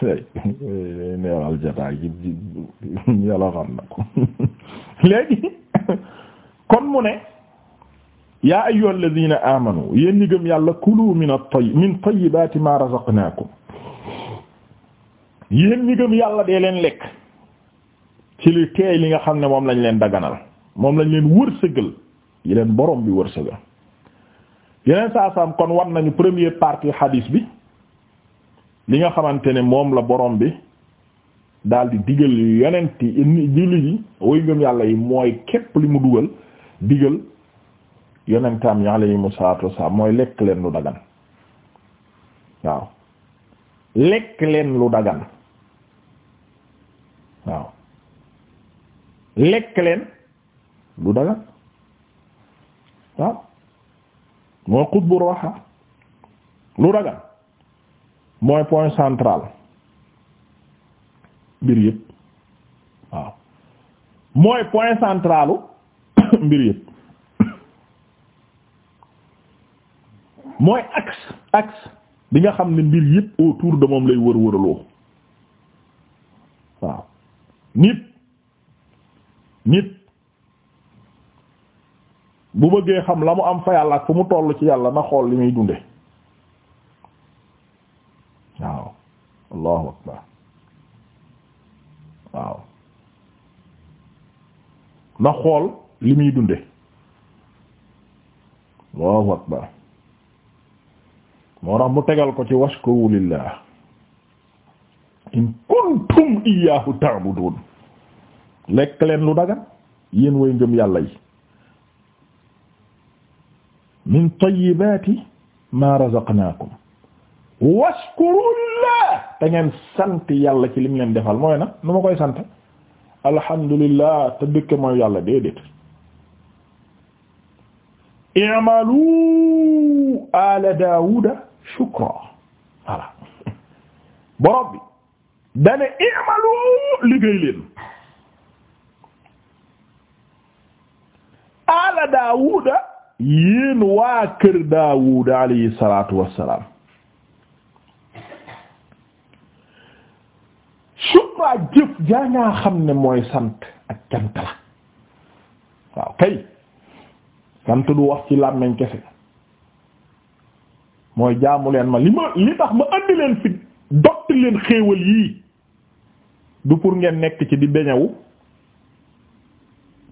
neewal jataay ji yàlla xam na ko léegi kon mu ne yaa ayyuha alladhina amanu yéen ñi yàlla kulu min at-tayyib min tayyibati ma razaqnakum yéen ñi gëm yàlla dee leen lekk ci li teey li nga xam ne moom lañ leen daganal moom lañ leen wërsëgal yi leen borom bi wërsëgal yeneen saa saam kon wan nañu première partie hadis bi li nga xamante ne moom la borom bi daldi di digal yonent yi jullit yi way ngëm yàlla yi mooy képp li mu dugal digal yonentam yi mu salaatu wassalaam mooy lekk leen lu dagan waaw lekk leen lu dagan waaw lekk leen lu dagan lu dagan mooy point central mbir yëpp waaw mooy point centralu mbir yëpp mooy axe axe bi nga xam ne mbir yëpp autour de moom lay wër wëraloo waaw nit nit bu bëggee xam la mu am fa yàlla ak fu mu toll ci yàlla na xool li muy dunde allahu akbar waaw na xool li muy dunde allahu akbar moo tax mu tegal ko ci washkuru lillah in kuntum iyyahu ta'budun lekk leen lu dagan yéen way ngëm yàlla yi min tayyibati ma razaqnakum washkurullah te ngeen sant yàlla ci lim leen defal mooy na nu ma koy sant alhamdulillah te dëkke mooy yalla déedéet i'malu ala daawuda shukra voilà borom bi dane i'malu liggéey leen ala daawuda yéen waa kër daawuda alayhi salatu wassalam waa jëf jaa ngaa xam ne mooy sant ak cant la waaw kay sant du wax ci làmmiñ kese mooy jaamu leen ma li ma li tax ma andi leen fi dotti leen xéewal yii du pour ngeen nekk ci di beñawu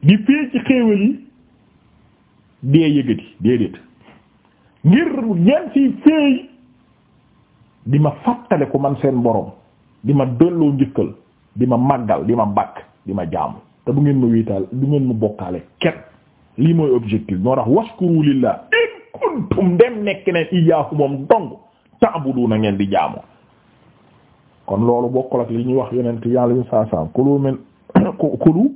di fee ci xéewal yi dee yëgati déedéet ngir ngeen fi feey di ma fàttale ku man seen borom di ma delloo njëkkal di ma màggal di ma bàkk di ma jaamu te du ngeen ma wéetaal du ngeen ma bokkaale kenn lii mooy objectif moo tax waskuru lillah in kuntum dem nekk ne iyaahu moom dong ta'buduna ngeen di jaamu kon loolu bokkul ak li ñuy wax yonent yàlla ñu saa saa kulu min kulu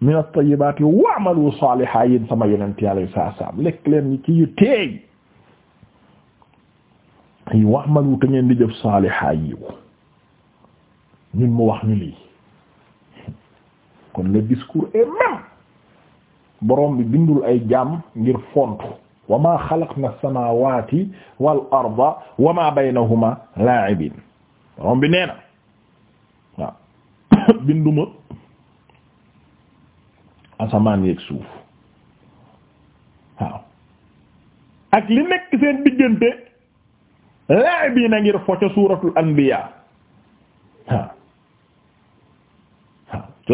min at-tayyibaati wa'malu saalihan yéen sama yonent yàlla yu saa saa lekk leen ci yu teey yi wa'malu te ngeen di jëf saalihan yiw ñun mu wax ñu lii kon le discours est même borom bi bindul ay jaam ngir fontu wa ma xalaqna as-samawati wal arda wa ma baynahuma la'ibin borom bi nee na waaw binduma asamaan yeeg suuf waaw ak li nekk seen diggante la'ibin a ngir fo ca suuratul anbiya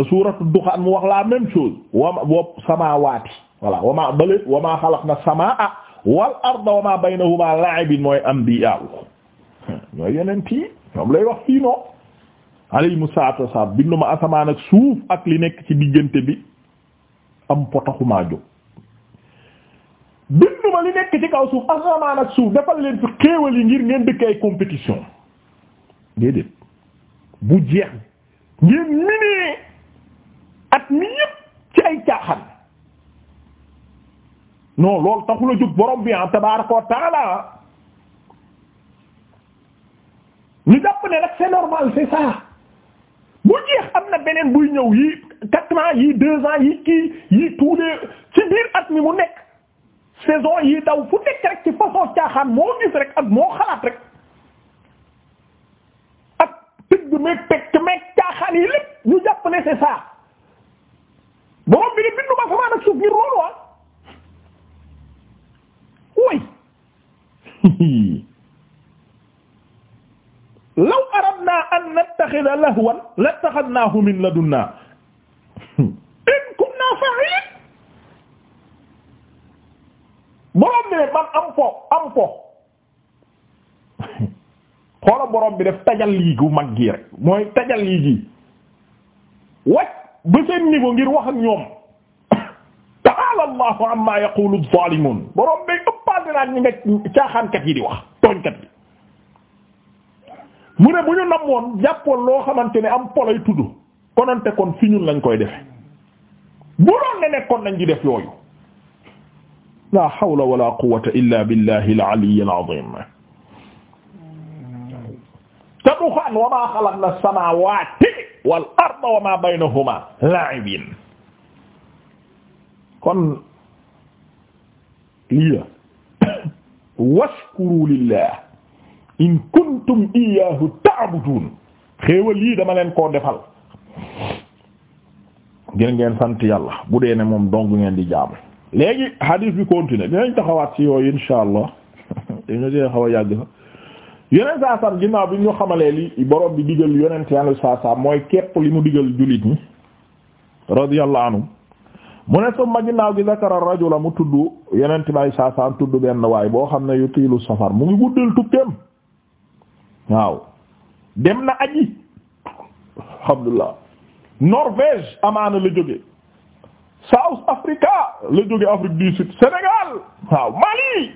te suuratu duxaan mu wax la même chose wama wopp samaawaati voilà wama balit wama xalaq na samaa wal arda wama baynahuma la'ibin mooy anbiya ñooy yeneen tii ñoom lay wax fii noo alayhimu salaatu wassalaam binduma asamaan ak suuf ak li nekk ci diggante bi am potaxumaa jóg binduma li nekk ci kaw suuf asamaan ak suuf defal leen fi xéewal yi ngir ngeen dëkk ay compétition déedéet bu jeex ngeen minee at mi yépp ci ay caaxaan non loolu taxula jóg borom bi ah tabaaraka wa taala ñu jàpp ne nag c'est normal c'est ça bu jeex am na beneen buy ñëw yi quatre ans yi deux ans yi kii yi tous les ci biir at mi mu nekk saison yi daw fu nekk rek ci façon caaxaan moo gis rek ak moo xalaat rek ak tëgg meeg teg meeg caaxaan yi lépp ñu jàpp ne c'est ça borom bi ne bindu ma asamaan ak suuf ngir loolu waa ah. way law aradna an nattakhidha lahwan lattakhadnahu min ladunna in kunna fa'ilin borom bi ne man am fo am fo xoola borom def tajal lii gu mag rek mooy tajal lii gi ba seen niveau ngir wax ak ñoom ta'ala allahu amma yaqulu adh-dhalimun borom bay ëppante naa ñi nga di wax tooñkat yi mu ne bu ñu namoon jàppoon loo xamante ne am polay tudd konante kon fi ñun lañ koy defe bu doon ne nekkoon nañ di def yooyu la hawla wala quwwata illa billahi al-ali al-azim te duxaan wa ma xalaqna as-samawati wal arda wa ma baynahuma la'ibin kon lii la washkuru lillah in kuntum iyaahu ta'budun xéewal yii dama leen koo defal ngir ngeen sant yàlla bu dee ne moom dong ngeen di jaamu léegi hadith bi continue dinañ taxawaat ci yooyu insha allah dañu see xaw a yàgg sax yeneen saa saam ginnaaw bi ñu xamalee li borom bi digal yonent yàlla saa mooy képp li mu digal jullit ñi radiyallahu mu ne ma ginnaaw gi zakara rajula mu tudd yonent bay saa saam tudd benn waay boo xam ne yu tiilu safar mu ngi guddal tukkeem waaw dem na aji alhamdulillah Norvège amaana la jóge South Africa la jóge Afrique du Sud Sénégal waaw Mali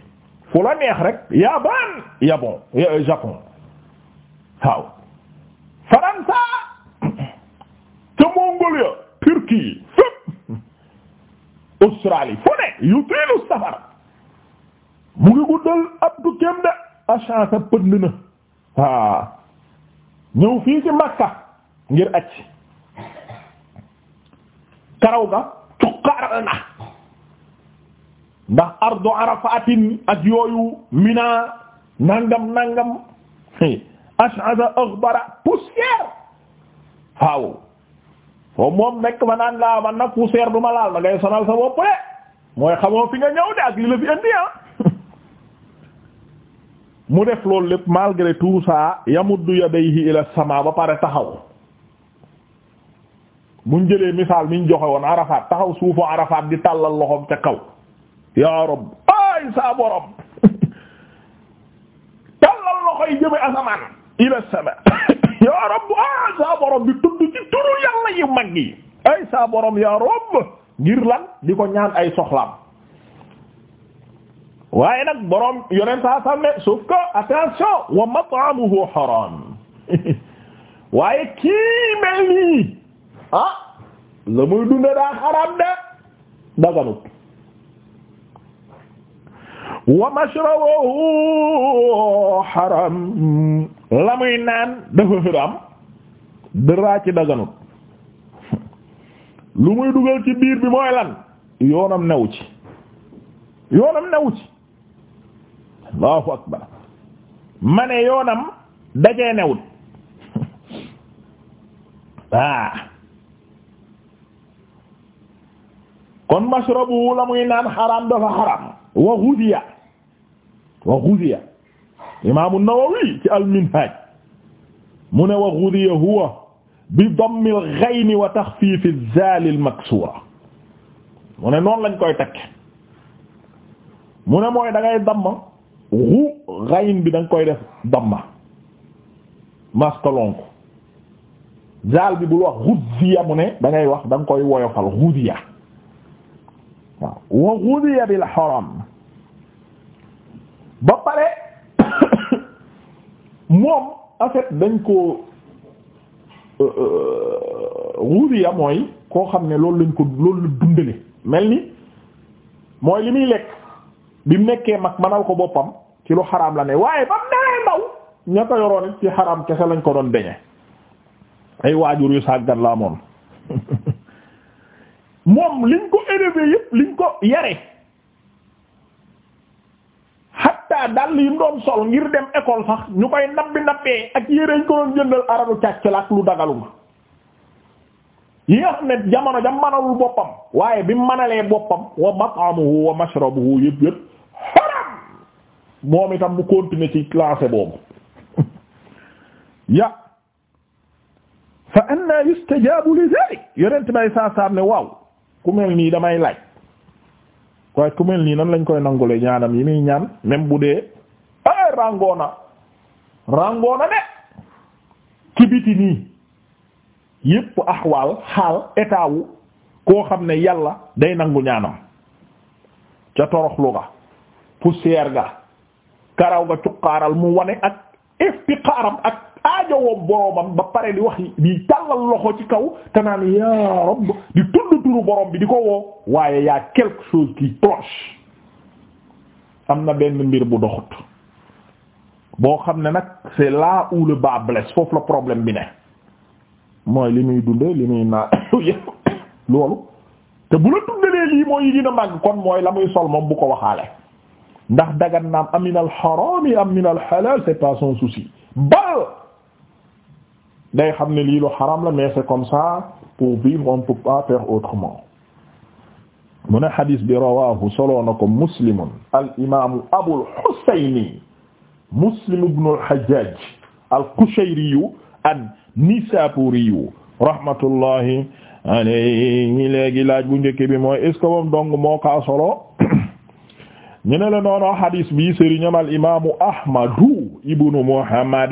fu la neex rek yaban yabon euh, japon waaw faransa ca mongolia turquie fépp australie fu yu tiilu safar mu ngi guddal ab dukkeem de achance pënd na waa ñëw fii ci makka ngir acc karaw ga cuqaaral ndax ardu arafatin ak yooyu mina nangam nangam ash'ada aghbara poussière waaw foo moom nekk ma naan laa man nag poussière du ma laal da ngay sonal sa bopp de mooy xamoo fi nga ñëw de ak li la fi indi ah mu def loolu lépp malgré tout ça yamuddu yadayhi ila sama ba pare taxaw buñ jëlee misaal miñ joxe woon arafaat taxaw suufu arafaat di tàllal loxoom ca kaw yaa rab ay saa borom tallal loxoy jëme asamaan ila sama yaa rab ay saa borom bi tudd ci turu yàlla yu mag ay saa borom yaa rab ngir di ko ñaan ay soxlaam waaye nag borom yoneen saa sàmme sauf que attention wa mat'amuhu haram waaye kii mel nii ah la muy dunde daa xaram de daganut wa mashrabuhu haram la muy naan dafa xëram dara ci daganut lu muy dugal ci biir bi mooy lan yoonam newu ci yoonam newu ci allahu akbar ma yoonam dajee newut ah kon mashrabuhu la muy naan haram dafa haram wa ghudiya wa ghudiya imaamu Nawawi ci al-Minhaj mu ne wa ghudiya huwa bi dammi al-ghayn wa takhfiif az-zaal al-maksura mu ne noonu lañ koy takk mu ne mooy da ngay damma ru ghayn bi da nga koy def damma maskalonk zaal bi bul wax ghudiya mu ne da ngay wax da nga koy woyofal ghudiya waaw wa ghudiya bil haram ba pare moom en dañ ko wuriya euh, euh, mooy koo xam ne loolu lañ ko loolu dundale mel ni mooy li muy lekk bi mu nekkee mag manal ko boppam ci lu xaraam la ne waaye ba mu newee ndaw ña yoroon it ci xaraam kese lañ ko doon deñe ay waajur yu sàggan la amoon moom liñ ko élevé yëpp liñ ko yare hatta dàll yi mu doon sol ngir dem école sax ñu koy nabbi nabbee ak yére ñu ko doon jëndal arabu càcc la ak lu dagaluma yi nga xam ne jamono jam manalul boppam waaye bi manalee boppam wa mat'amuhu wa mashrabuhu yëpp yëpp haram moom itam mu continuer ci classé boobu ya fa anna yustajabu li dhalik yonent bay saa saam ne waaw ku mel nii damay laaj waaye ku mel nii nan lañ koy nangule ñaanam yi muy ñaan même bu dee ay rangoona rangoona de ci biti nii yépp axwaal xaal état koo xam ne yàlla day nangu ñaanam ca toroxlu ga poussière ga karaw ga cuqaaral mu wane ak iftiqaaram ak aajowoom boroomam ba pare di wax di tàllal loxo ci kaw te naan yaa rabb di tudd turu borom bi di ko woo waaye yaa quelque chose qui cloche am na benn mbir bu doxut boo xam ne nag c'est là où le bas foofu la problème bi ne mooy li muy dunde li muy naa yëpp loolu te bu la tuddalee lii mooy yi dina màgg kon mooy la muy sol moom bu ko waxaale ndax dagan naam aminal xaraami am minal xalaal c'est pas son souci bal day xam ne lii lu xaram la mais c'est comme ça pour vivre on peut autrement mu ne xadis bi rawahu soloo na ko muslimun al imamu abul xusayni muslim ibnu al hajjaj al qushayriyu an nisapuriyu rahmatullahi alayhi léegi laaj bu njëkk bi mooy est ce que moom solo ñu ne la noonu xadis bi sëriñam al imamu ahmadu ibnu muhammad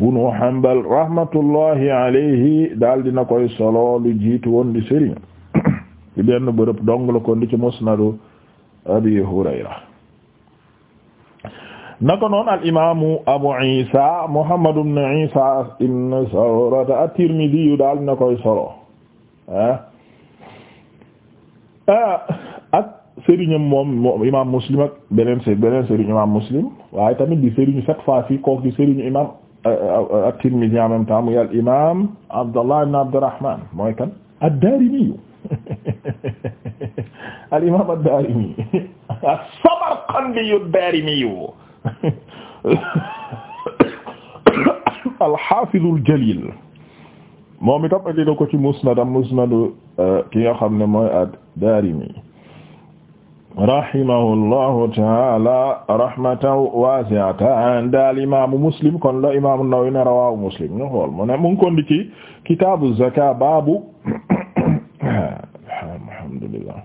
bunu Hanbal rahmatullahi alayhi daal na koy solo lu jiitu woon di sëriñ ci benn bërëb dong la ko ndi ci musnadu Abi Hurayra naka noon al imaamu Abu Isa Muhammad ibn Isa ibn Sawrata at-Tirmidhi daal dina koy solo ah. Ah, ak sëriñam moom imaam Muslim ak beneen beneen imaam Muslim waaye tamit di sëriñ cette fois-ci kook di sëriñ imaam at-Tirmidhi en même temps muy al imaam Abdallah ibn Abdurrahman mooy kan ad-Daarimi al imaam ad-Daarimi as-Samarqandi ad-Daarimi al-Haafiz al-Jaliil moom itam andi na ko ci musnadam musnadu euh, ki nga xam ne mooy ad-Daarimi rahimahullahu taala rahmatan wasi'atan daal imaamu muslim kon la imaamu Nawawi ne rawaahu muslim ñu xool mu ne mu ngi ko indi ci kitaabu zakaat baabu alhamdulillah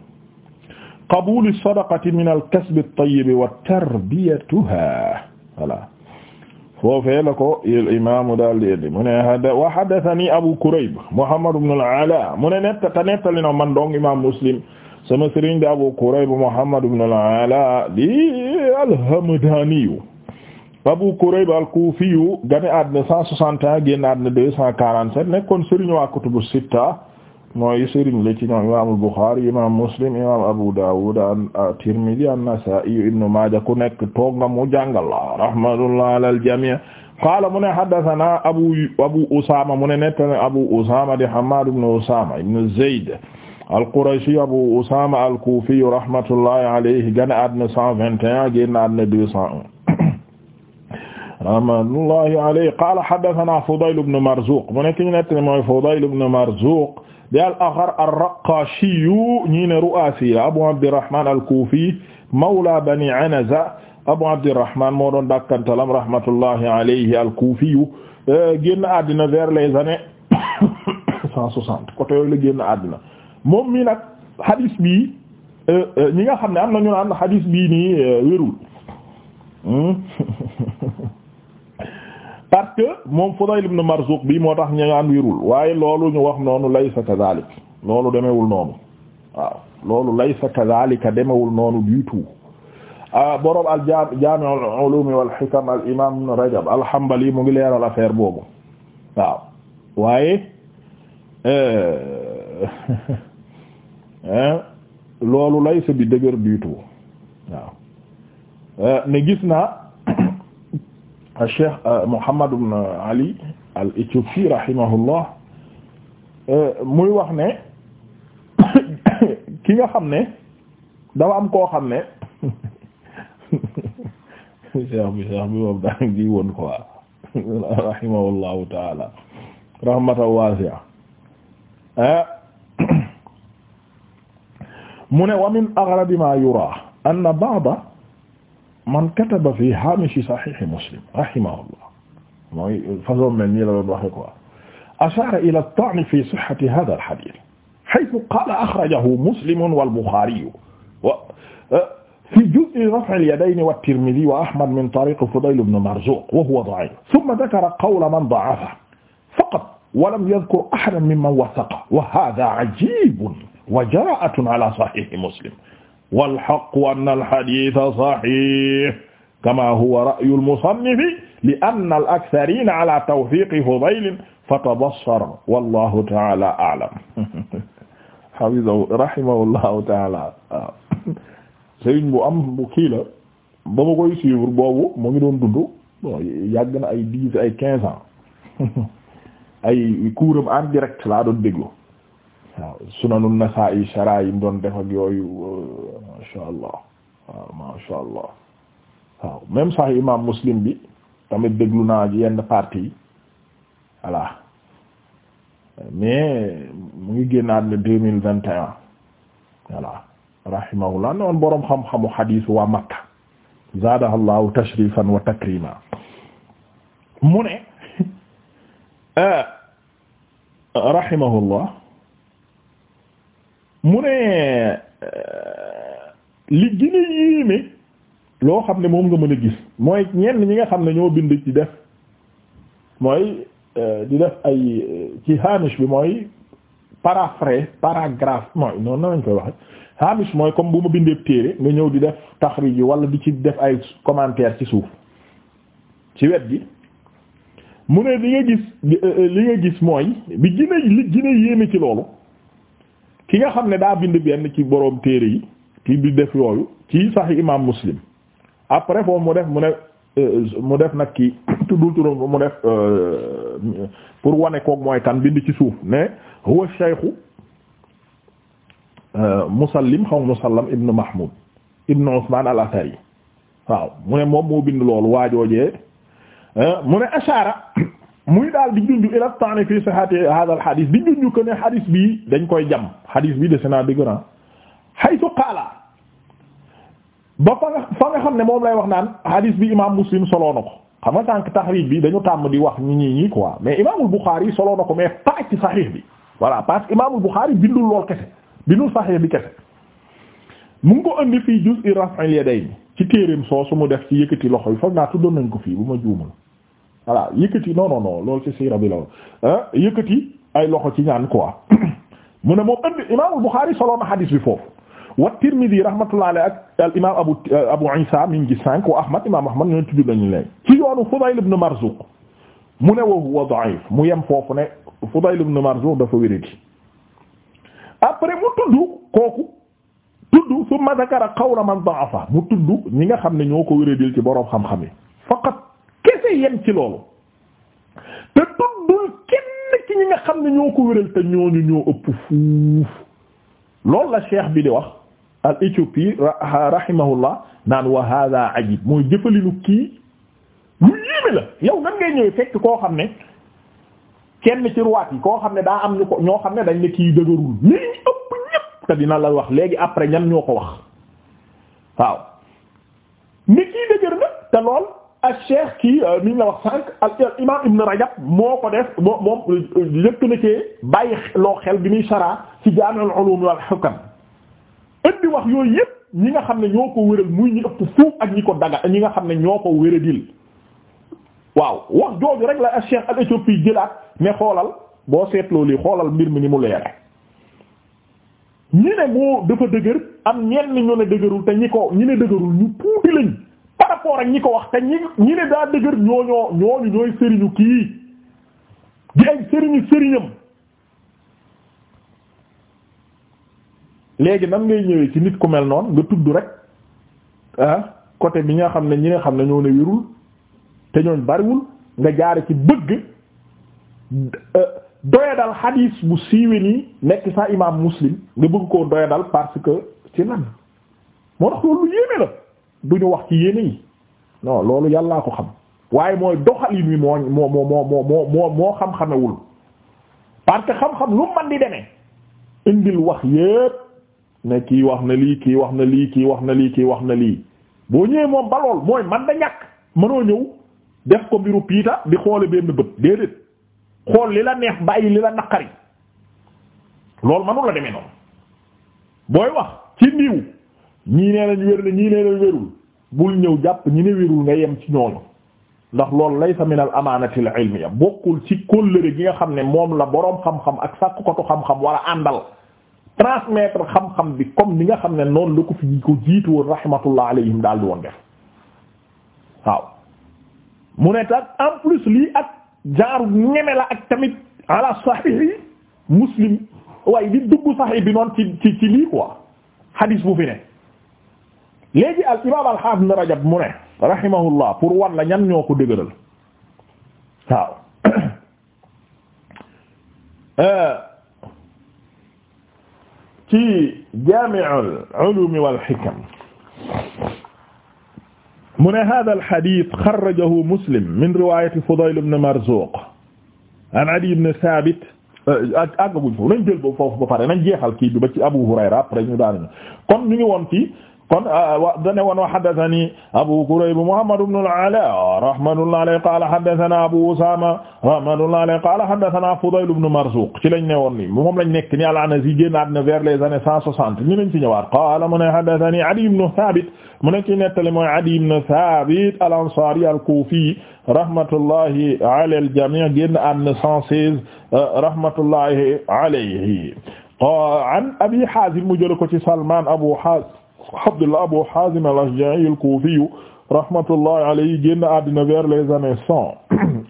qabuuli sadaqati minal kasbi at-tayyib wa tarbiyatuha voilà foofee la ko imaamu daal di indi mu ne wa haddathani Abu Kurayb Muhammad ibn al-Ala mu ne nett te nettali na man dong imaam Muslim sama sëriñ di Abu Kurayb Muhammad ibn al di al Abu Kurayb al-Kufiyu gane àddina 161 génn àddina 247 nekkoon sëriñ waa kutubu sitta mooy sëriñ la ci ñoom imaam al-Bukhari imaam Muslim imaam Abu Dawud at-Tirmidhi an-Nasa'i ibn Majah ku nekk mu jàngal rahmatullah ala al-jami' mu ne haddathana Abu Abu Usama mu ne nettana Abu Usama di Hammad ibn Usama ibn Zayd al-Qurashi Abu Usama al-Kufi rahmatullahi alayhi gane àddina 121 génn àddina 201 rahmatullahi alayhi qala haddathana Fudayl ibn Marzuq mu nekk ñu nett ne mooy Fudayl ibn Marzuq di al-Aghar ar-Raqashi ñi ne Ru'asi Abu Abdirrahman al-Kufi mawla Bani Anaza Abu Abdirrahman moo doon dakkantalam rahmatullahi alayhi al-Kufi génn àddina vers les années 160 côté yooyu la génn àddina moom mii nag hadis bii euh, euh, ñi nga xam ne am na ñu naan nii euh, wérul hmm? parce que moom Fudayl ibn Marzuq bi moo tax ñu waaye loolu ñu wax noonu laysa kadhalik loolu demewul noonu waaw loolu laysa kadhalika demewul noonu du tout ah, borom al jaami' al ulum wal hikam al imam ibn Rajab al Hanbali mu ngi leeral affaire boobu waaye loolu lay sa bi dëgër du waaw euh, ne gis naa Cheikh euh, Muhammad ibn Ali al-Éthiopie rahimahullah euh, muy wax ne ki nga xam ne dafa am koo xam ne cheikh bi cheikh bi moom daa ngi ko waa rahimahullahu taala rahmatan wasi'a mu ne wa min aghrabi ma yura anna ba'da man kataba fi hamishi sahihi muslim rahimahullah mooy façon mel nii la doon waxe quoi ashara ila at-ta'n fi sihhati hadha al-hadith haythu qala akhrajahu muslim wal bukhari wa eh, fi juz'i raf' al-yadayn wa at-tirmidhi wa ahmad min tariq fudayl ibn marzuq wa huwa da'if thumma dhakara qawla man da'afahu faqat wa lam yadhkur ahadan mimman wathaqa wa hadha 'ajib wa jaraatun ala sahihi muslim wal haqqu anna al haditha sahih kama huwa ra'yu al musannifi li anna al aktharina ala tawfiqi Fudayl fatabassar wallahu ta'ala a'lam hafizahu rahimahullahu ta'ala sëriñ bu am bu kii la ba ma koy suivre boobu mu ngi doon dund bon yàgg na ay dix ay quinze ans ay kuuram en direct laa doon déglu waaw sunanu Nasaa'i shara yi mu doon def ak euh, allah waaw masha allah waaw sax imam Muslim bi tamit déglu naa yenn partie yi voilà mais mu ngi génnaat le deux mille vingt et un voilà rahimahullah ne woon boroom xam-xamu xadiis waa Makka zaadahallahu tashrifan wa takrima mu ne euh, rahimahullah mu ne euh, li gën yéeme loo xam ne moom nga mën a gis mooy ñenn ñi nga xam ne ñoo bind di def mooy euh, di def ay euh, ci hamish bi mooy paraphrase paragraphe mooy noonu na lañ koy waxe hamish mooy comme bu ma bindee téere nga ñëw di def taxrij yi wala di ci def ay commentaire ci suuf ci wet gi mu ne li nga gis li nga gis mooy bi gën a li gën yéeme ci loolu ki nga xam ne daa bind benn ci boroom téere yi ki bi def yooyu ci Sahih imam Muslim après foofu mu def mu ne euh, mu def nag ki tuddul turam mu euh, pour wane koog mooy kan bind ci suuf ne huwa shaykhu euh, Musallim xaw Musallam ibn Mahmud ibn Usman al-Athari waaw mu ne moom moo bind loolu waajoojee mu ne ashara muy daal di junj ila taani fii sihhati hadha al hadith di junj ko ne hadith bi dañ koy jam hadith bi dese naa dëgg naa qaala ba fa fa nga xam ne moom lay wax naan hadith bi imaam muslim soloo na ko xam nga sànq taxrij bi dañu tàmm di wax ñi ñi ñi quoi mais imaamul buxaari soloo na ko mais pas ci saxiix bi voilà parce que imaamul buxaari bindul lool kese bindul saxiix bi kese mu ngi ko andi fii juz'i raf'il yadayn ci téereem soosu mu def ci yëkkati loxo yi foog naa tuddoon nañ ko fii ma juumul. voilà yëkkati non non non loolu ci siira bi la woon ah, yëkkati ay loxo ci ñaan quoi mu ne moom indi imaamul Buxaari soloon na xadiis bi foofu wa Tirmidi rahmatullahi alayhi ak al imaam Abu euh, Abu Isa mi wa Ahmad imaam Ahmad ñoo tudd nañu léegi ci yoonu Fudayl ibn Marzuq mu ne wa huwa da'if mu yem foofu ne Fudayl ibn Marzuq dafa wéradi après mu tudd kooku tudd summa zakara qawla man da'afa mu tudd ñi nga xam ne ñoo ko wéradil ci boroom xam-xam yi ngay yem ci loolu te tuddul kenn ci ñi nga xam ne ñoo ko wéral te ñooñu ñoo ëpp fuuf loolu la cheikh bi di wax al éthiopie rahimahullah naan wa hada ajib mooy jëfalinu kii lu yéeme la yow nan ngay ñëw fekk koo xam ne kenn ci ruwaat yi koo xam ne daa am ñu ko ñoo xam ne dañ ne kii dëgërul mais ëpp ñëpp te dina la wax léegi après ñan ñoo ko wax waaw ne kii dëgër na te lool ak cheikh kii euh, ni ñu la wax sànq ak imam Ibn Rajab moo ko def moo moom lépp euh, na bàyyi loo xel bi muy sara ci Jaami'ul Ulum wal Hukam indi wax yooyu yëpp ñi nga xam ne ñoo ko wéral muy ñi ëpp fuuf ak ñi ko daga ñi nga xam ne ñoo ko wéradil waaw wax jooju rek la cheikh al éthiopie jëlaat ne xoolal boo seetloo lii xoolal mbir mi ni mu leere ñi ne moo dafa dëgër am ñenn ñoo ne dëgërul te ñi ko ñi ne dëgërul ñu tuuti lañ. d'accord ñi ko wax te ñi ñi ne daa dëgër ñooñoo ñooñu ñooy sëriñu kii di ay sëriñu sëriñam léegi nag ngay ñëwee ci nit ku mel noonu nga tudd rek ah côté bi nga xam ne ñi nga xam ne ñoo ne wérul te ñooñ bariwul nga jaare ci bëgg euh, doyadal xadiis bu siiwee nii nekk sa imaam muslim nga bëgg koo doyadal parce que ci nag moo tax loolu lu yéeme la duñu wax ci yéene yi non loolu yàllaa ko xam waaye mooy doxalin wi moo moo moo moo moo moo moo xam-xamewul parce que xam-xam lu man di demee indil wax yépp ne kii wax na lii kii wax na lii kii wax na lii kii wax na lii boo ñëwee moom ba lool mooy man da ñàkk mënoo ñëw def ko mbiru piita di xoole benn bët déedéet xool li la neex bàyyi li la naqari loolu manu la demee noonu booy wax ci niiw ñii nee nañ wér ñii nee nañ wérul bul ñëw jàpp ñi ne wérul nga yem ci ñooñu ndax loolu laysa min al amaanatil ilmiya bokkul ci kóllëre gi nga xam ne moom la boroom xam-xam ak sàkkukatu xam-xam wala àndal transmettre xam-xam bi comme ni nga xam ne noonu la ko fi ko jiitu woon rahmatullah alayhim daal di woon def waaw mu ne tax en plus lii ak jaaru ñeme la ak tamit ala sahih muslim waaye di dugg sahih bi noonu ci ci lii quoi hadis bu fi ne léegi al imaam al haafid rajab mu ne rahimahullah pour wan la ñan ñoo ko dëgëral waaw ci jaami'ul ulum wal hikam mu ne haaza al hadiis xarrajahu muslim min riwaayati Fudayl ibn Marzuuq an Adiyy ibn Saabit ak àggaguñ foofu nañ jël boobu foofu ba pare nañ jeexal kii bi ba ci Abu Hurayra après ñu daal kon ñu ngi woon ci kon ah, ah, dane woon wa haddathani Abu Kurayb Muhammad ibn al-Ala rahmatullahi alayhi qala haddathana Abu Usama rahmatullahi alayhi qala haddathana Fudayl ibn Marzuq ci lañ ne woon ni moom lañ nekk ni al-Anazi génnaat na vers les années cent soixante ni lañ ci ñëwaat qala mu ne haddathani Adi ibn Thabit mu ne ci nettali mooy Adi ibn Thabit al-Ansari al-Kufi rahmatullahi ala al-jami' génn at na cent seize euh, rahmatullahi alayhi an Abi Hazim mu jël ko ci Salman Abu Hazim Abdullah Abu Hazim al-Ashja'i al-Kufi rahmatullahi alayhi génn àddina vers les années cent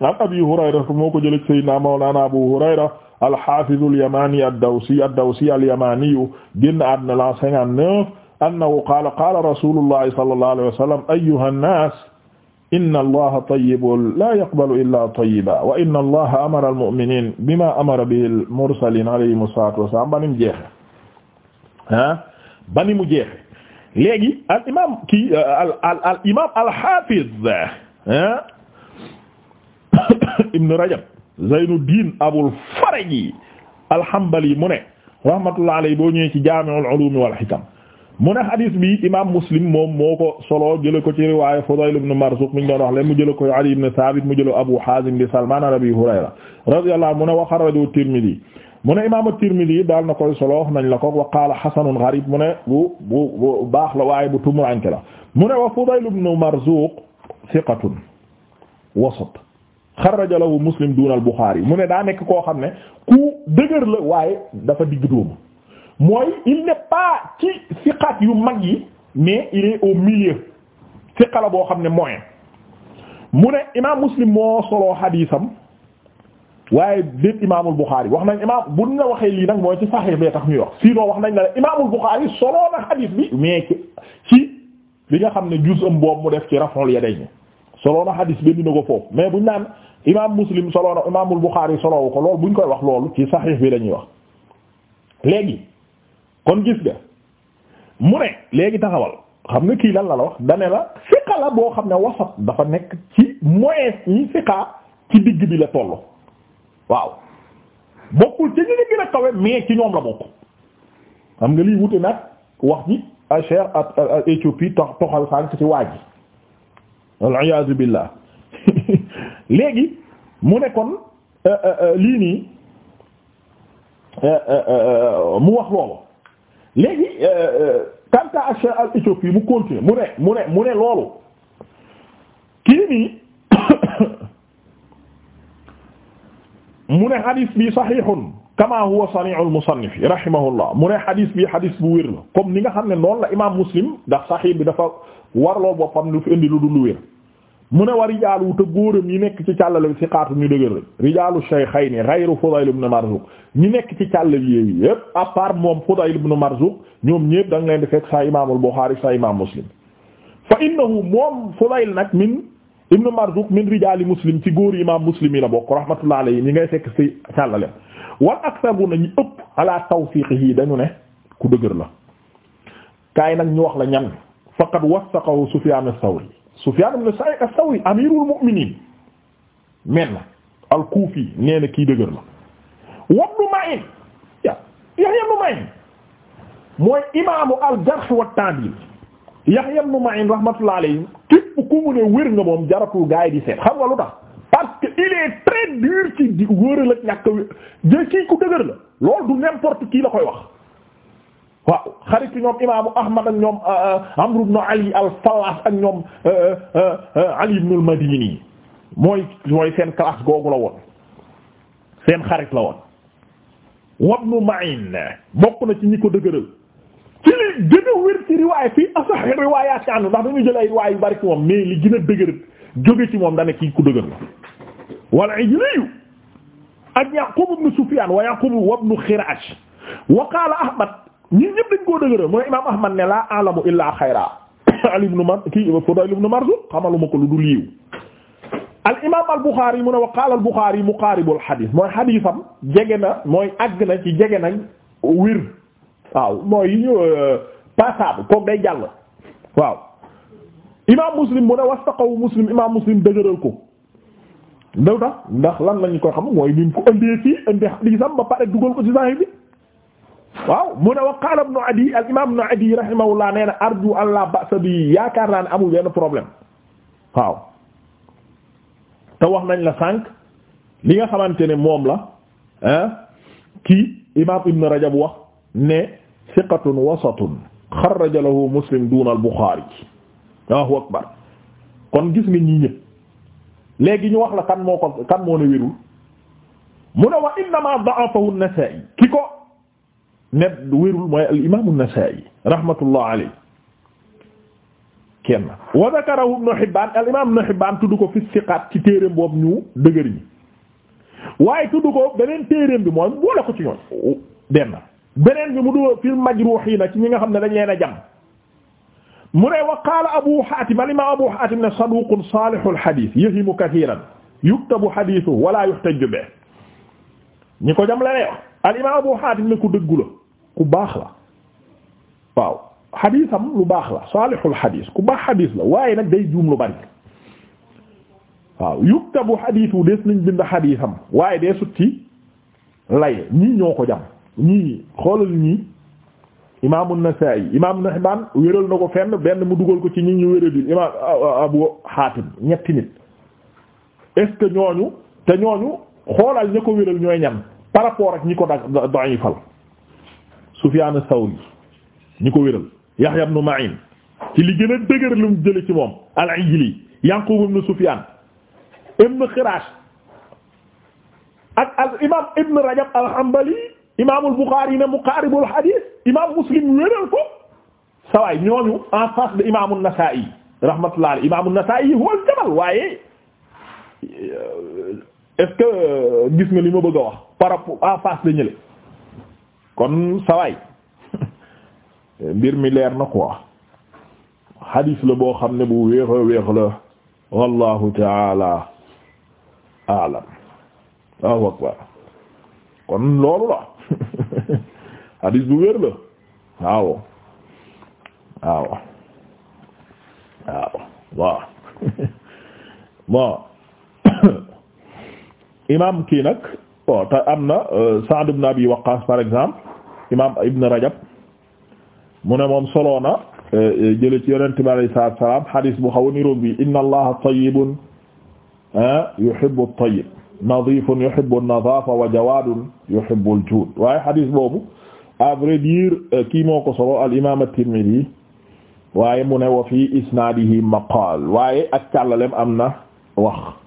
an Abi Hurayra moo ko jëlee Seydina Mawlana Abu Hurayra al-Hafiz al-Yamani ad-Dawsi ad-Dawsi al-Yamani génn àddina la cinquante-neuf annahu qaala qaala rasulullahi sallallahu alayhi wa sallam ayyuha nnaas inna allaha tayyibun la yaqbalu illa tayyiban wa inna allaha amara al-mu'minina bima amara bihi al-mursalin alayhimu salaatu wa salaam bani mu jeexe ah bani mu jeexe léegi al imaam kii euh, al al al imaam al haafiz ibn Rajab Zaynuddin Abul Faraji al Hanbali mu ne rahmatullahi alayhi boo ñëwee ci Jaami'ul Ulum wal Hikam mu ne hadis bi imaam Muslim moom moo ko solo jëlee ko ci riwaaya Fudayl ibn Marzuq mi ñu doon wax leen mu jëlee ko Ali ibn Thabit mu jëlee Abu Hazim bi Salman an Abi Hurayra radiyallahu anhu mu ne wa xarajahu Tirmidhi mu ne imaam at daal na koy solo wax nañ la ko wa qaala hasanun gharib mu ne bu bu baax la waaye bu tumuranke la mu ne wa Fudayl ibn Marzuq thiqatun wasat xaraja lahu Muslim duna al mu ne daa nekk koo xam ne ku dëgër la waaye dafa digg dóomu mooy il n'est pas ci thiqat yu mag yi mais il est au milieu la boo xam ne moyen mu ne imaam Muslim moo solo hadisam waaye déet imaamul Buxaari wax nañ imaam bu ñu waxee lii nag mooy ci Sahih bee tax ñuy wax sinon wax nañ la imaamul Buxaari soloo na xadiis bi mais ci li nga xam ne juz'am boobu mu def ci raf'ul yadayni soloo na xadiis bi dina ko foofu mais buñ naan imaam Muslim soloo na imaamul Buxaari soloowu ko loolu ñu koy wax loolu ci Sahih bi la ñuy wax léegi kon gis nga mu ne léegi taxawal xam nga kii lan la la wax dane la fiqa la boo xam ne wasat dafa nekk ci moyen digg bi la tollu waaw bokkul ci ñu ngi gën a kawe mais ci ñoom la bokk xam nga lii wute nag wax ji a cher à Éthiopie to toxal sànk ci waaj ji wal iyaazu léegi mu ne kon euh, euh, euh, lii nii mu wax loolu léegi quant à cher à mu continue mu ne mu ne mu ne loolu kii nii mu ne xadis bi saxiixun kama huwa sani'ul musannif rahimahullah mu ne xadis bi xadis bu wér la comme ni nga xam ne noonu la imaam muslim ndax saxiix bi dafa warloo boppam lu fi indi lu dul lu wér. mu ne wa rijaalu te góoram yi nekk ci càllale bi siqaatu ñu dëgër lañ rijaalu shaykhayni ghayru Fudayl ibn Marzuq ñi nekk ci càllale yi yépp à part moom Fudayl ibn Marzuq ñoom ñépp da nga leen di fekk saa imaamul Buxaari saa imaam muslim fa innahu moom Fudayl nag min ibnu Marzuq min rijaali muslim ci góor imaam muslim yi la bokk rahmatullah alayhi ñi ngay fekk ci càllale wal aktharu na ñu ëpp ala tawsiqihi dañu ne ku dëgër la kaay nag ñu wax la ñan faqad wasaqahu Sufyaan as-Sawri Sufyaan ibn Sa'iid as-Sawri amiirul mu'miniin men al-Kuufi nee na kii dëgër la wa Ibnu Ma'iin Yahyaa ibnu Ma'iin mooy imaamu al-jarh wa at-ta'diil Yahya ibn Ma'in rahmatullahi alayhi képp ku mu ne wér nga moom jaratul gaay di seet xam nga lu tax parce que il est très dur ci di wóoral ak ñàkk a kii ku dëgër la loolu du n'importe qui la koy wax. waaw xaritu ñoom imaamu Ahmad ak ñoom euh, euh, Amr ibn Ali al-Fallas ak ñoom euh, Ali ibn madini mooy mooy seen classe googu la woon seen xarit la woon. Ibn Ma'in bokk na ci ñi ko dëgëral. ci gën a wér ci riwaay fii asax riwaayaat ci ànd ndax dañu jël ay riwaay yu bari ci moom mais li gën a dëgër jóge ci moom dana kii ku dëgër la wala ijliyu ak Yaqub ibn Sufyan wa Yaqub ibn Khirash wa qaala Ahmad ñi ñëpp dañ koo dëgëral mooy imaam Ahmad ne laa a'lamu illaa xayra Ali ibn Mar kii Fudayl ibn Marzuq a ko lu a yiw al imaam al Buxaari mu ne wa qaala al Buxaari muqaaribul xadiis mooy xadiisam jege na mooy àgg na ci jege nañ wér waaw mooy yi ñu euh, passable kooku day jàll waaw imam muslim mu ne wastaqaw muslim imam muslim dëgëral ko ndaw ndax lan lañu koy xam mooy nin ko indee fii indi xadiisam pare dugal ko ci sahih bi waaw mu ne wa qaala ibnu adi al imam ibnu adi rahimahullah nee na arju an la yaakaar naa ne amul benn problème waaw te wax nañ la sànq li nga xamante ne moom la ah kii imam ibnu rajab wax ne siqatun wasatun xarraja lahu muslim duna al buxaari akbar kon gis nga ñii ñëpp léegi ñu wax la kan moo ko kan moo ne wérul mu ne wa innama da'afahu an-Nasa'i ki ko ne wérul mooy al imam an-Nasa'i rahmatullah alayhi kenn wa dhakarahu Ibn Hibban al imam tudd ko fi siqaat ci téereem boobu ñu dëgër ñi waaye tudd ko beneen téereem bi mooy boole ko ci ñoom benn beneen bi mu dugal fil majruhiina ci ñi nga xam ne dañ leen a jam mu ne wa qaala Abu Haatim al-imaam Abu Haatim ne saduuqun saalihul hadiis yahimu kathiiran yuktabu hadiisuhu wa ko jam la ne al-imaam Abu Haatim ne ku dëggu la ku baax la waaw hadiisam lu baax la saalihul hadiis ku baax hadiis la waaye nag day juum lu bari waaw yuktabu hadiisuhu des nañ bind hadiisam waaye dee sutti lay ñii ñoo ko jam ñii xoolal ñii imaamu Nasaa'i imaam Ibn Hibbaan wéral na ko fenn benn mu dugal ko ci ñi ñu wéradil imaam Abu Haatim ñetti nit est-ce que ñooñu te ñooñu xoolal ña ko wéral ñooy ñan par rapport ak ñi ko da da'ifal Sufyaan as-Sawri ñi ko wéral Yahya ibn Ma'in ci li gën a dëgër lu mu jële ci moom al-Ijli Yaqub ibn Sufyaan ibn Xiraash ak al imaam Ibn Rajab al-Hanbali imaamul Bukhari ne muqaaribul hadith imaam Muslim wéral ko sawaay ñooñu en face de imaamul Nasaa'i rahmatullah alayhi imaamul Nasaa'i huwal jamal waaye euh, est que euh, gis nga li ma bëgg wax par rapport en face de ñële kon sawaay mbir mi leer na quoi hadith la boo xam ne bu wéex a wéex la wallahu taala aalam waaw waaw kon loolu la hadis bu wér la waaw waaw waaw waaw bon imam kii nag bon te am na euh, Sa'd ibn Abi Waqqas par exemple imam Ibn Rajab mu ne moom solo na euh, euh, jële ci yonent bi alayhi salaatu wa salaam hadis bu xaw a niroog bi inna Allaha tayyibun ah, yuhibbu at-tayyib nadifun yuhibbu an-nadhafa wa jawadun yuhibbu al-jud waaye hadis boobu à vrai dire euh, kii moo ko solo al imaam at-Tirmidhi waaye mu ne wa fi isnaadihi maqaal waaye ak càllalem am na wax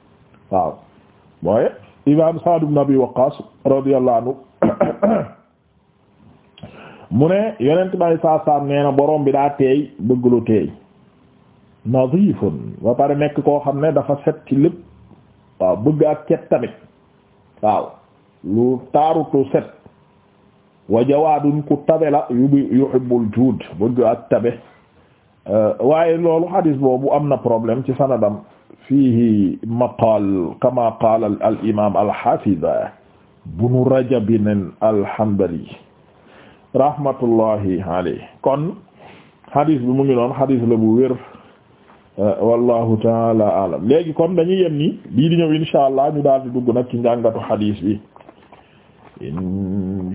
waaw mooy imaam Sa'd ibn Abi Waqqas radiyallahu anhu mu ne yonent bay saa saam borom bi daa teey bëgg lu teey nazifun ba pare nekk koo xam ne dafa set ci lépp waaw bëgg ak cet tamit waaw lu taarutu set wa jawaadun ku tabe la yubi waaye loolu hadis boobu am na problème ci sanadam fiihi maqaal kama qaala al imaam al haafiz ibnu rajab al hanbali rahmatullahi alayhi kon hadis bi mu ngi noon hadis la bu wér taala alam léegi kon dañuy yem ni bii ñëw insha allah ñu daal di dugg nag ci njàngatu hadis bi